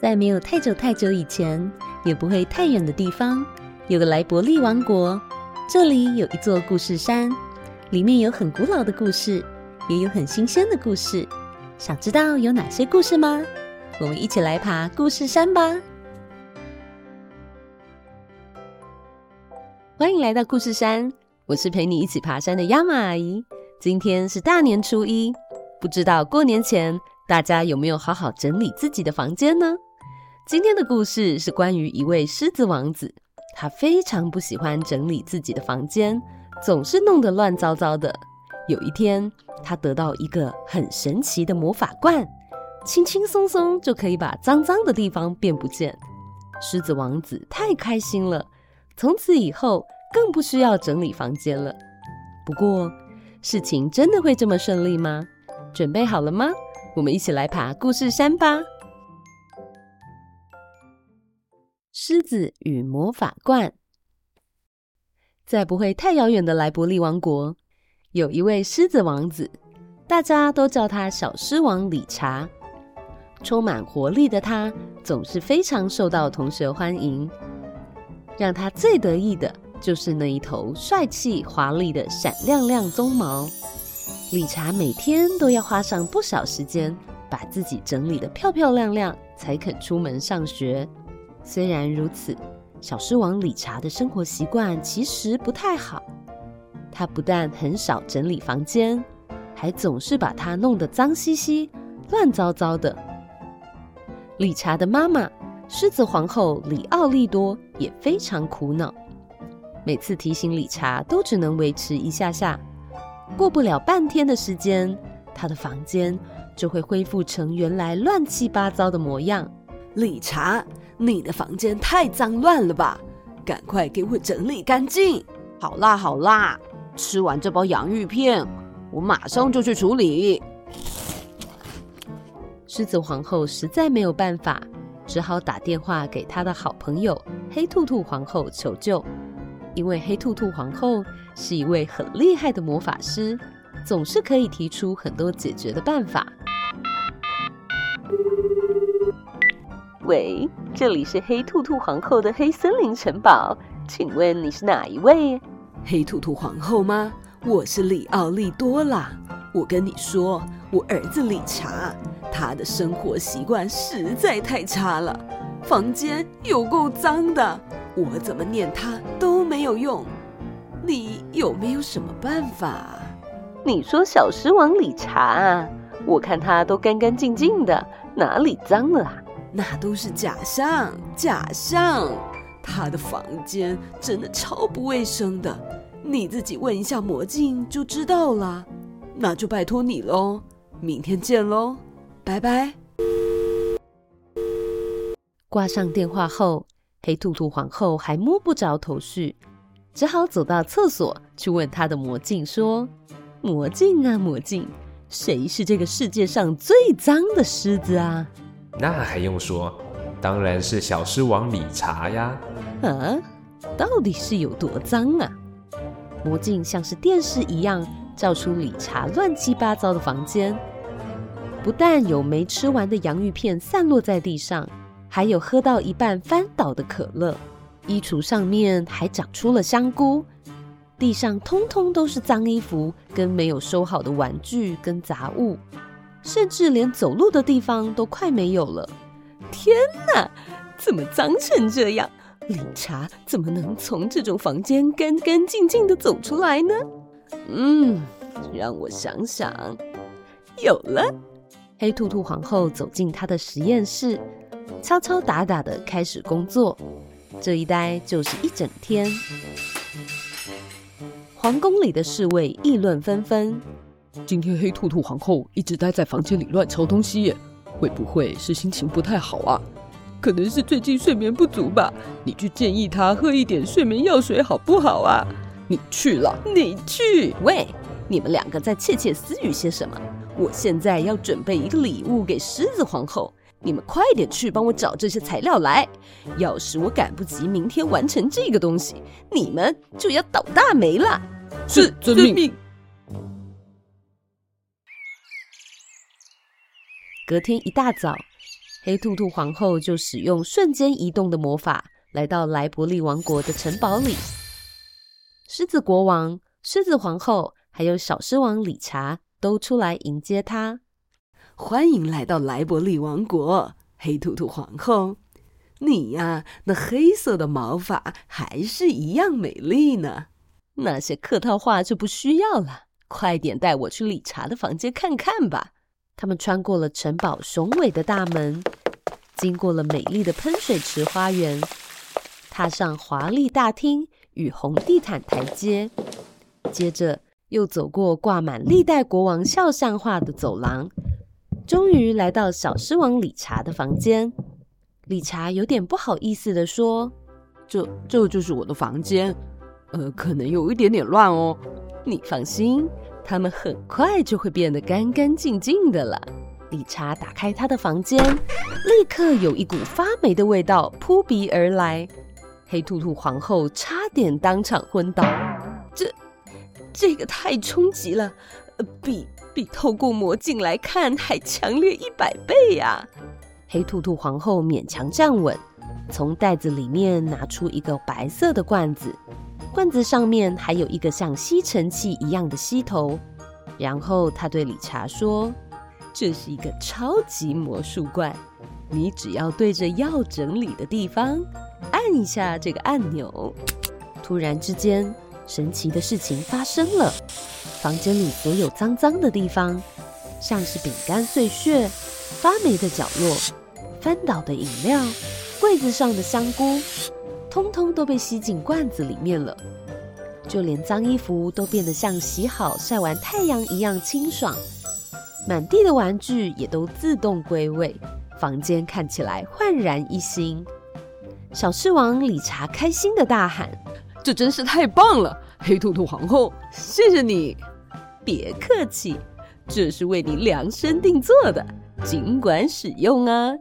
在沒有太久太久以前，也不會太遠的地方，有個萊伯利王國。這裡有一座故事山，裡面有很古老的故事，也有很新鮮的故事。想知道有哪些故事嗎？我們一起來爬故事山吧！歡迎來到故事山，我是陪你一起爬山的 Yama 阿姨。今天是大年初一，不知道過年前大家有沒有好好整理自己的房間呢？今天的故事是關於一位獅子王子，他非常不喜歡整理自己的房間，總是弄得亂糟糟的。有一天，他得到一個很神奇的魔法罐，輕輕鬆鬆就可以把髒髒的地方變不見。獅子王子太開心了，從此以後更不需要整理房間了。不過，事情真的會這麼順利嗎？準備好了嗎？我們一起來爬故事山吧。獅子與魔法罐。在不會太遙遠的萊伯利王國，有一位獅子王子，大家都叫他小獅王李查。充滿活力的他，總是非常受到同學歡迎。讓他最得意的就是那一頭帥氣、華麗的閃亮亮鬃毛。李查每天都要花上不少時間，把自己整理得漂漂亮亮，才肯出門上學。雖然如此，小獅王李查的生活習慣其實不太好。他不但很少整理房間，還總是把它弄得髒兮兮、亂糟糟的。李查的媽媽獅子皇后李奧麗多也非常苦惱，每次提醒李查都只能維持一下下，過不了半天的時間，他的房間就會恢復成原來亂七八糟的模樣。李查。你的房間太髒亂了吧！趕快給我整理乾淨。好啦好啦，吃完這包洋芋片，我馬上就去處理。獅子皇后實在沒有辦法，只好打電話給她的好朋友黑兔兔皇后求救，因為黑兔兔皇後是一位很厲害的魔法師，總是可以提出很多解決的辦法。喂？這裡是黑兔兔皇後的黑森林城堡，請問你是哪一位？黑兔兔皇後嗎？我是李奧麗多啦。我跟你說，我兒子李查，他的生活習慣實在太差了，房間有夠髒的，我怎麼念他都沒有用。你有沒有什麼辦法？你說小獅王李查，我看他都乾乾淨淨的，哪裡髒了？那都是假象，假象。他的房間真的超不衛生的，你自己問一下魔鏡就知道了。那就拜托你嘍，明天見嘍，拜拜。掛上電話後，黑兔兔皇後還摸不着頭緒，只好走到廁所去問她的魔鏡說：“魔鏡啊，魔鏡，誰是這個世界上最髒的獅子啊？”那還用說？當然是小獅王李查呀！啊，到底是有多髒啊？魔鏡像是電視一樣，照出李查亂七八糟的房間。不但有沒吃完的洋芋片散落在地上，還有喝到一半翻倒的可樂。衣櫥上面還長出了香菇，地上通通都是髒衣服，跟沒有收好的玩具跟雜物。甚至連走路的地方都快沒有了，天哪，怎麼髒成這樣？李查怎麼能從這種房間乾乾淨淨地走出來呢？嗯，讓我想想，有了。黑兔兔皇后走進她的實驗室，敲敲打打地開始工作，這一待就是一整天。皇宮裡的侍衛議論紛紛。今天黑兔兔皇後一直待在房間裡亂抽東西耶，會不會是心情不太好啊？可能是最近睡眠不足吧。你去建議她喝一點睡眠藥水好不好啊？你去了，你去。喂，你們兩個在竊竊私語些什麼？我現在要準備一個禮物給獅子皇後，你們快點去幫我找這些材料來。要是我趕不及明天完成這個東西，你們就要倒大霉了。是遵，遵命。遵命。隔天一大早，黑兔兔皇後就使用瞬間移動的魔法來到萊伯利王國的城堡裡。獅子國王、獅子皇後還有小獅王李查都出來迎接他。歡迎來到萊伯利王國，黑兔兔皇后！你呀、啊，那黑色的毛髮還是一樣美麗呢。那些客套話就不需要了，快點帶我去李查的房間看看吧。他們穿過了城堡雄偉的大門，經過了美麗的噴水池花園，踏上華麗大廳與紅地毯台階，接着又走過掛滿歷代國王肖像畫的走廊，終於來到小獅王李查的房間。李查有點不好意思地說：“這這就是我的房間，呃，可能有一點點亂哦，你放心。”他們很快就會變得乾乾淨淨的了。李查打開他的房間，立刻有一股發霉的味道撲鼻而來。黑兔兔皇后差點當場昏倒。這，這個太衝擊了，呃，比比透過魔鏡來看還強烈一百倍呀，啊！黑兔兔皇后勉強站穩，從袋子裡面拿出一個白色的罐子。罐子上面還有一個像吸塵器一樣的吸頭，然後他對李查說：“這是一個超級魔術罐，你只要對着要整理的地方按一下這個按鈕，突然之間神奇的事情發生了，房間裡所有髒髒的地方，像是餅乾碎屑、發霉的角落、翻倒的飲料、櫃子上的香菇。”通通都被吸進罐子裡面了，就連髒衣服都變得像洗好、曬完太陽一樣清爽，滿地的玩具也都自動歸位，房間看起來煥然一新。小獅王李查開心地大喊：“這真是太棒了，黑兔兔皇後，謝謝你！別客氣，這是為你量身定做的，儘管使用啊！”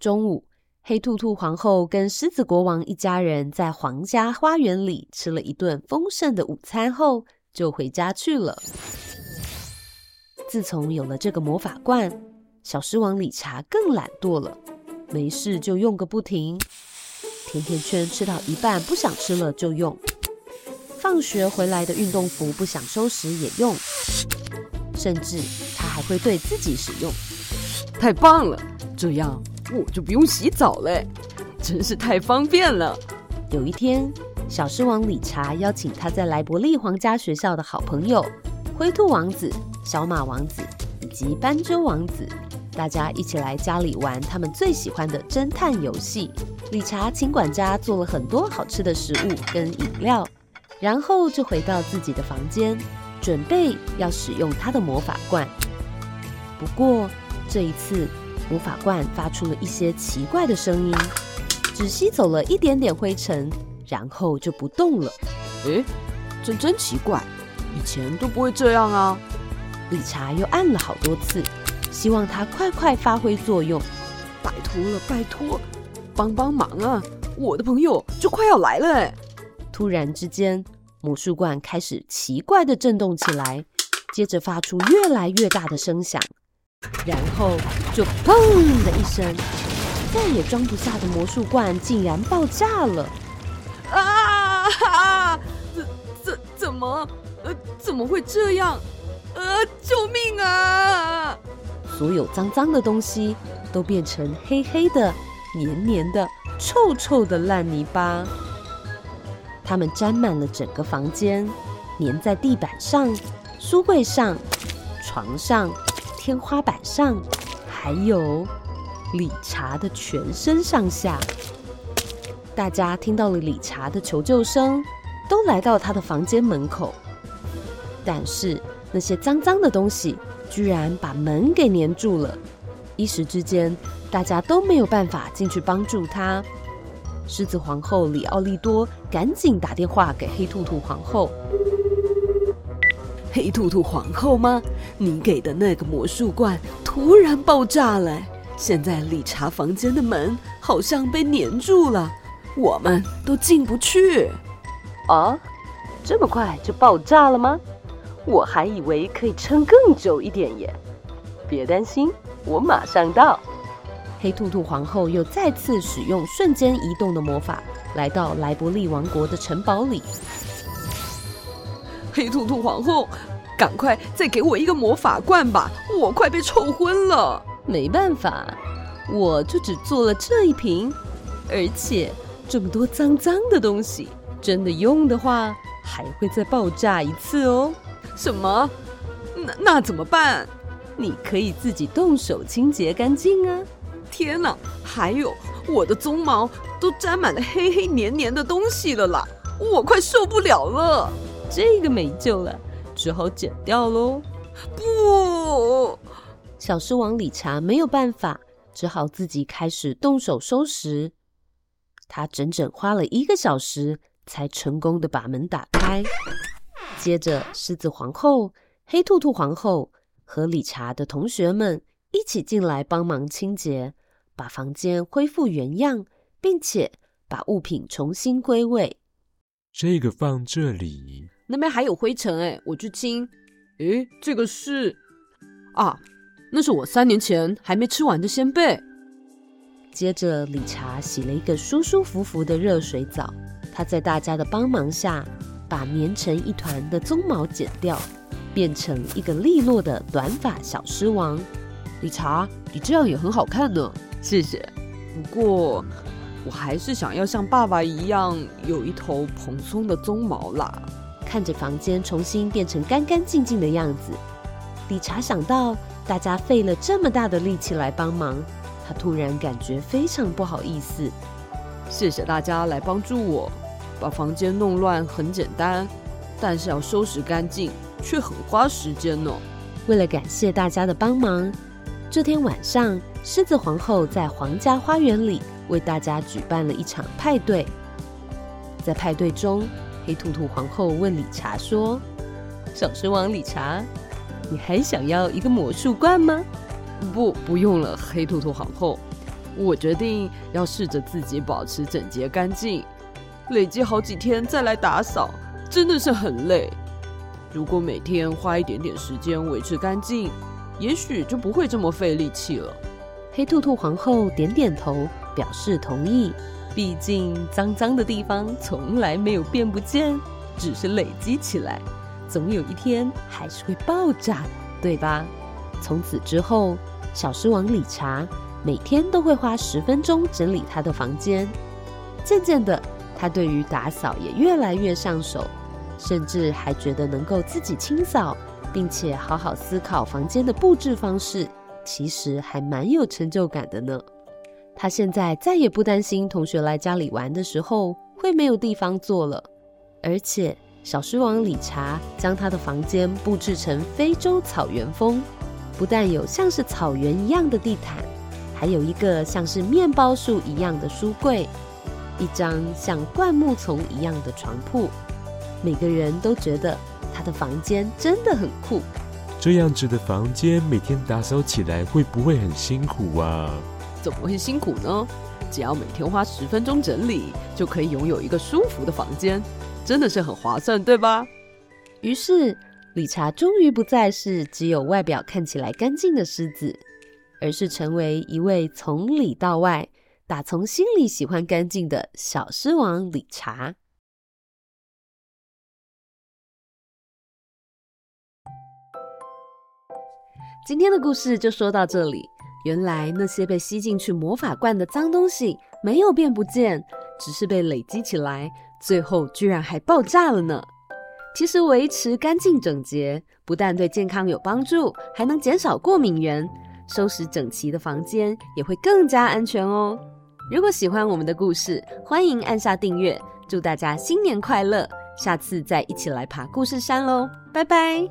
中午，黑兔兔皇後跟獅子國王一家人在皇家花園裡吃了一頓豐盛的午餐後，就回家去了。自從有了這個魔法罐，小獅王李查更懶惰了，沒事就用個不停。甜甜圈吃到一半不想吃了就用，放學回來的運動服不想收拾也用，甚至他還會對自己使用。太棒了，這樣。我就不用洗澡嘞，真是太方便了。有一天，小獅王李查邀請他在萊伯利皇家學校的好朋友灰兔王子、小馬王子以及斑鳩王子，大家一起來家裡玩他們最喜歡的偵探遊戲。李查請管家做了很多好吃的食物跟飲料，然後就回到自己的房間，準備要使用他的魔法罐。不過這一次。魔法罐發出了一些奇怪的聲音，只吸走了一點點灰塵，然後就不動了。哎，真真奇怪，以前都不會這樣啊！李查又按了好多次，希望它快快發揮作用。拜託了，拜託，幫幫忙啊！我的朋友就快要來了。誒，突然之間，魔術罐開始奇怪地震動起來，接着發出越來越大的聲響。然後就砰的一聲，再也裝不下的魔術罐竟然爆炸了！啊哈，怎怎怎麼？呃，怎麼會這樣？呃，救命啊！所有髒髒的東西都變成黑黑的、黏黏的、臭臭的爛泥巴，它們沾滿了整個房間，粘在地板上、書櫃上、床上。天花板上，還有李查的全身上下，大家聽到了李查的求救聲，都來到他的房間門口。但是那些髒髒的東西居然把門給粘住了，一時之間大家都沒有辦法進去幫助他。獅子皇后李奧麗多趕緊打電話給黑兔兔皇後。黑兔兔皇後嗎？你給的那個魔術罐突然爆炸了欸！現在李查房間的門好像被粘住了，我們都進不去。啊，這麼快就爆炸了嗎？我還以為可以撐更久一點耶。別擔心，我馬上到。黑兔兔皇后又再次使用瞬間移動的魔法，來到萊伯利王國的城堡裡。黑兔兔皇後，趕快再給我一個魔法罐吧！我快被臭昏了。沒辦法，我就只做了這一瓶，而且這麼多髒髒的東西，真的用的話還會再爆炸一次哦。什麼？那那怎麼辦？你可以自己動手清潔乾淨啊！天哪，還有我的鬃毛都沾滿了黑黑黏黏的東西了啦！我快受不了了。這個沒救了，只好剪掉嘍。不，小獅王李查沒有辦法，只好自己開始動手收拾。他整整花了一個小時，才成功的把門打開。接着，獅子皇後、黑兔兔皇後和李查的同學們一起進來幫忙清潔，把房間恢復原樣，並且把物品重新歸位。這個放這裡。那邊還有灰塵哎、欸，我去清。誒、欸，這個是啊，那是我三年前還沒吃完的仙貝。接着，李查洗了一個舒舒服服的熱水澡。他在大家的幫忙下，把黏成一團的鬃毛剪掉，變成一個利落的短髮小獅王。李查，你這樣也很好看呢。謝謝。不過，我還是想要像爸爸一樣有一頭蓬鬆的鬃毛啦。看着房間重新變成乾乾淨淨的樣子，理查想到大家費了這麼大的力氣來幫忙，他突然感覺非常不好意思。謝謝大家來幫助我，把房間弄亂很簡單，但是要收拾乾淨卻很花時間呢、哦。為了感謝大家的幫忙，這天晚上獅子皇後在皇家花園裡為大家舉辦了一場派對。在派對中，黑兔兔皇后問李查說：“小獅王李查，你還想要一個魔術罐嗎？”“不，不用了。”黑兔兔皇後，“我決定要試着自己保持整潔乾淨，累積好幾天再來打掃，真的是很累。如果每天花一點點時間維持乾淨，也許就不會這麼費力氣了。”黑兔兔皇后點點頭，表示同意。畢竟髒髒的地方從來沒有變不見，只是累積起來，總有一天還是會爆炸的，對吧？從此之後，小獅王李查每天都會花十分鐘整理他的房間。漸漸的，他對於打掃也越來越上手，甚至還覺得能夠自己清掃，並且好好思考房間的佈置方式，其實還蠻有成就感的呢。他現在再也不擔心同學來家裡玩的時候會沒有地方坐了，而且小獅王李查將他的房間布置成非洲草原風，不但有像是草原一樣的地毯，還有一個像是面包樹一樣的書櫃，一張像灌木叢一樣的床鋪。每個人都覺得他的房間真的很酷。這樣子的房間每天打掃起來會不會很辛苦啊？怎麼會辛苦呢？只要每天花十分鐘整理，就可以擁有一個舒服的房間，真的是很划算，對吧？於是，李查終於不再是只有外表看起來乾淨的獅子，而是成為一位從裡到外、打從心裡喜歡乾淨的小獅王李查。今天的故事就說到這裡。原來那些被吸進去魔法罐的髒東西沒有變不見，只是被累積起來，最後居然還爆炸了呢！其實維持乾淨整潔不但對健康有幫助，還能減少過敏源。收拾整齊的房間也會更加安全哦。如果喜歡我們的故事，歡迎按下訂閱。祝大家新年快樂！下次再一起來爬故事山嘍，拜拜。